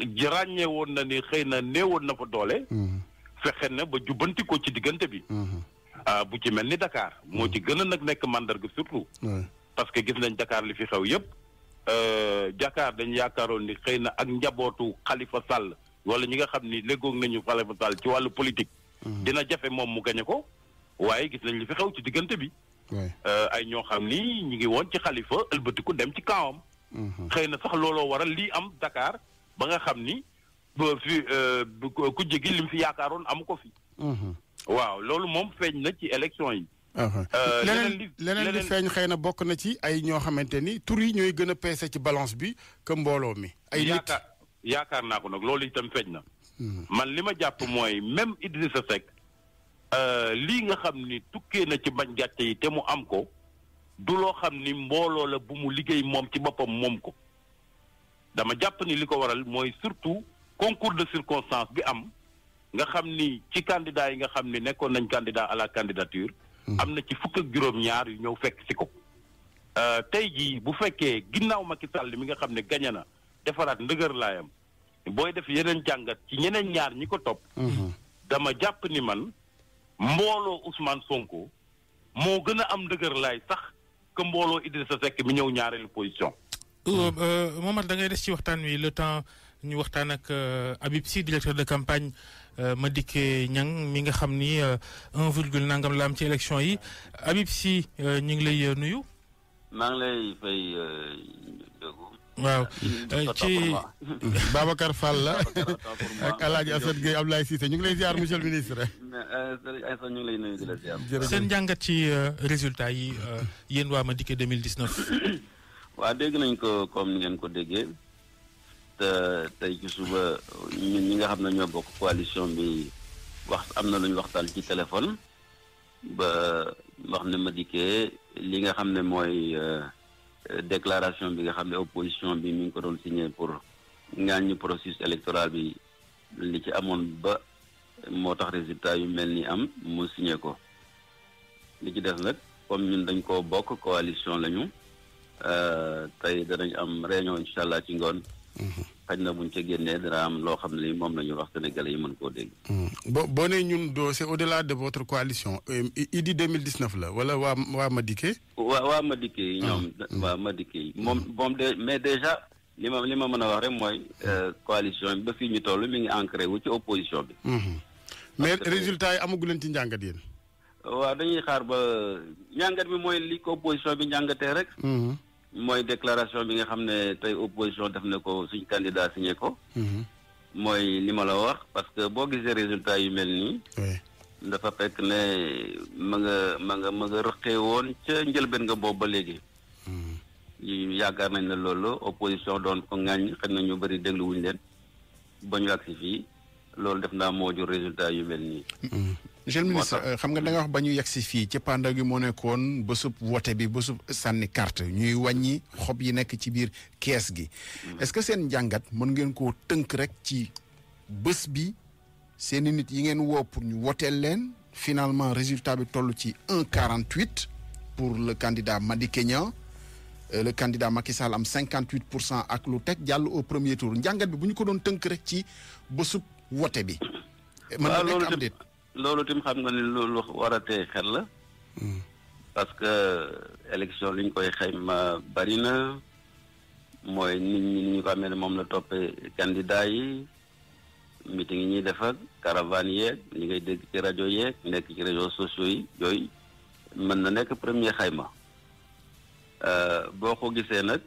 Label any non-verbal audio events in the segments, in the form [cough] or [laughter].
ràññee woon na ni xëy na néewoon na fa doole. Mhm. fexe na ba jubbantikoo ci diggante bi. Mhm. Ah, bu ci mel ni dakaar moo ci gën a nag nekk mandarga surtout. parce que gis nañ Dakar li fi xew yëpp. Dakar euh, dañ yaakaaroon ni xëy na ak njabootu xalifa Sall wala ñi nga xam ni léegoog nañu Khalifa Sall ci wàllu politique. Mhm. dina jafe moom mu gañe ko waaye gis nañ li fi xew ci diggante bi. Euh, ay ñoo xam ni ñu ngi woon ci xalifa ëlbatiku dem ci kawam. xëy na sax looloo waral lii am Dakar. ba nga xam ni ba fi euh, ku jéggi lim fi yaakaaroon amu ko fi. Mhm. waaw loolu moom feeñ na ci élection yi. Uh-huh. Euh, leneen leneen li feeñ xëy na bokk na ci ay ñoo xamante ni tur yi ñooy gën a peese ci balance bi que mbooloo mi. ay nit yaakaar naa ko nag loolu itam feeñ na. Hmm. man li ma jàpp mooy même Idrissa Seck euh, lii nga xam ni tukkee na ci bañ gàcce yi te mu am ko du loo xam ni mbooloo la bu mu liggéey moom ci boppam moom ko. dama jàpp ni li ko waral mooy surtout concours de circonstance bi am nga xam ni ci candidat yi nga xam ni nekkoon nañ candidat à la candidature. Hmm. am na ci fukk ak juróom-ñaar yu ñëw fekk si ko. Euh, tey jii bu fekkee ginnaaw Macky Sall mi nga xam ne gañe na defaraat ndëgër laayam booy def yeneen jàngat ci ñeneen ñaar ñi ko topp. Hmm. dama jàpp ni man mbooloo Ousmane Sonko moo gën a am ndëgër laay sax que mbooloo sa Seck mi ñëw ñaareelu position. Euh, euh, Momar da ngay des ci waxtaan wi le temps ñu waxtaan ak euh, Habib Sy directeur de campagne Madické Niang mi nga xam ni un virgule nangam la am ci élection yi Habib Sy ñu ngi lay nuyu. maa ngi lay waaw ci [laughs] Babacar Fall la ak El Hadj Assane Gueye Abdoulaye Cissé ñu ngi lay ziar monsieur le ministre. seen jàngat ci résultat yi yéen waa Madické 2019. [coughs] waa dégg nañ ko comme ni ngeen ko déggee te tey ci suba ñun ñi nga xam ne ñoo bokk coalition bi wax am na lu ñu waxtaan ci téléphone ba wax ne ma dikkee li nga xam ne mooy euh, déclaration bi nga xam ne opposition bi mu ngi ko doon signé pour ñaan ñu processus électoral bi li ci amoon ba moo tax résultat yu mel ni am mu signé ko li ci def nag comme ñun dañ ko bokk coalition lañu Euh, tey danañ am réunion incha ci ngoon. Mhm. xaj na buñ ca génnee dana am loo xam ne ni moom la ñu wax sénégalais yi man koo dégg. Mhm. bo boo nee ñun doo c'est au-delà de votre coalition euh, Idy 2019 la wala waa waa Madické. waa waa Madické yi ñoom. Ah, waa mm. Madické yi moom mm. moom de mais déjà li ma li ma mën a wax rek mooy. Mm. Euh, coalition bi ba fii ñu toll mi ngi ancré wu ci opposition bi. Mhm. mais résultat yi amagu ci njàngat yéen. waaw dañuy xaar ba njàngat bi mooy li rek. mooy déclaration bi nga xam ne tey opposition def na ko suñ candidat signé ko. Mhm. mooy li ma la wax parce que boo gisee résultat yu mel nii. dafa fekk ne ma nga ma nga ma nga rëqee woon ca njëlbeen nga boob ba léegi. Mhm. yaakaar nañ ne loolu opposition doon ko ŋàññ xëy na ñu bëri dégluwuñ leen ba ñu agsi fii loolu def naa moo jur résultat yu mel nii. Mhm. monsieur le ministre euh, xam nga da nga wax ba ñu yegg si fii ci gi moo nekkoon bésub wote bi bésub sànni carte ñuy wàññi xob yi nekk ci biir kees gi. Mm. est-ce que seen njàngat mën ngeen koo tënk rek ci bës bi seen i nit yi ngeen woo pour ñu woteel leen finalement résultat bi toll ci un quarante huit pour le candidat Madické Niang euh, le candidat Macky Sall am cinquante huit pour cent ak lu teg jàll au premier tour njàngat bi bu ñu ko doon tënk rek ci bésub wote bi. mën loolu tim xam nga ni loolu war a tey xel la. Hmm. parce que euh, élection li ñu koy xayma bari na mooy nit ñi ñu ko amee ne moom la toppee candidat yi meeting yi ñuy defar ak caravane yeeg ngay dégg ci rajo yeeg nekk ci réseaux sociaux yi yooyu mën na nekk premier xayma euh, boo ko gisee nag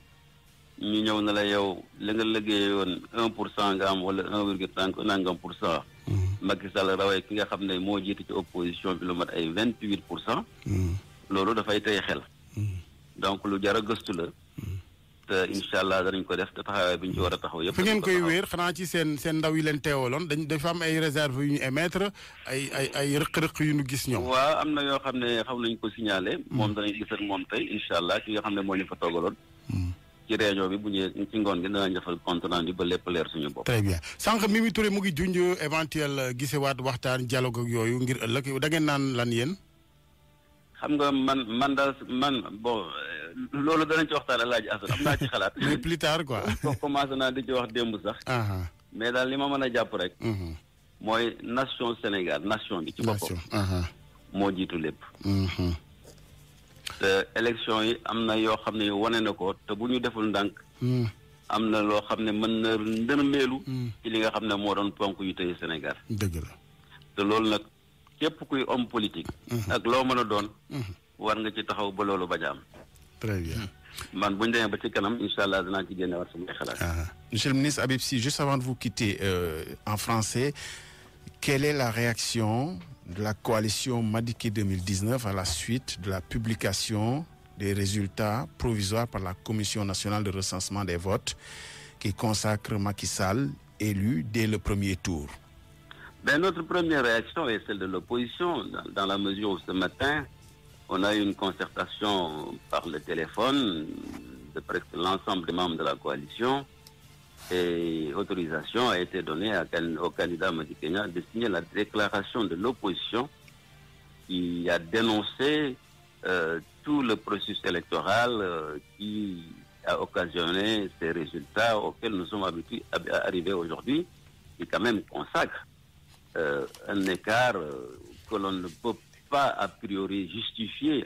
ñu ñëw na la yow li nga liggéeyoon un pour cent nga am wala un virgule cinq nangam pour cent. Macky Sall rawee ki nga xam ne moo jiite ci opposition bi lu mat ay vingt huit pour cent. Hmm. loolu dafay tey xel. Hmm. donc lu jar a gëstu la. Hmm. te incha allah danañ ko def te taxawaay bi ci war a taxaw yëpp. fi ngeen koy wéer xanaa ci seen seen ndaw yi leen teewaloon dañ dafa am ay réserve yu ñu émettre ay ay ay rëq-rëq yu ñu gis ñoom. waaw am na yoo xam ne xam nañ ko signalé. moom danañ gis moom tey incha allah ki nga xam ne moo ñu fa toogaloon. ci région bi bu ñu ci ngoon gi danañ defal compte rendu ba lépp leer suñu bopp. très bien sànq Mimi Touré mu ngi junj éventuel gisewaat waxtaan dialogue ak yooyu ngir ëllëg da ngeen naan lan yéen. xam nga man man daal man bon loolu danañ ci waxtaan ak laaj Assane am naa ci xalaat. [laughs] mais plus tard quoi. kooku [laughs] naa di ci wax démb sax. mais daal li ma mën a jàpp rek. Mhm. mooy nation Sénégal nation bi. ci boppam moo jiitu lépp. Mhm. te yi am na yoo xam ne wane na ko te bu ñu deful ndànk. Hmm. am na loo xam ne mën na ndërmeelu. Hmm. ci li nga xam ne moo doon ponk yu tey Sénégal. dëgg la te loolu nag képp kuy homme politique. Hmm. ak loo mën a doon. war nga ci taxaw ba loolu bañ a am. très bien. man bu ñu ba ci kanam incha allah dinaa ci génne war sama xalaat. Ah. monsieur le ministre Habib Sy juste avant de vous quitter euh, en français quelle est la réaction. de la coalition Madiké 2019 à la suite de la publication des résultats provisoires par la Commission nationale de recensement des votes qui consacre Macky Sall élu dès le premier tour. Ben, notre première réaction dans, dans, la mesure a eu une concertation par la coalition et autorisation a été donnée à, au candidat Madikenya de signer la déclaration de l'opposition qui a dénoncé euh, tout le processus électoral euh, qui a occasionné ces résultats auxquels nous sommes arrivés aujourd'hui quand même consacre euh, un écart euh, que l'on ne peut pas a priori justifier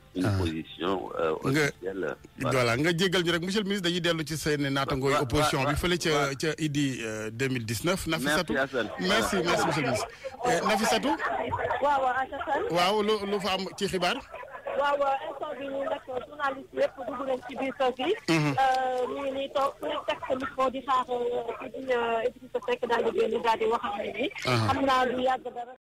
une euh, nga jégal ñu rek monsieur le ministre dañuy dellu ci seen naatangooy opposition bi fële ca ca Idi 2019. Euh, Nafisatou merci merci monsieur ministre. Euh, Nafisatou. waaw waaw Assane. lu lu fa am ci xibaar. waaw naa du yàgg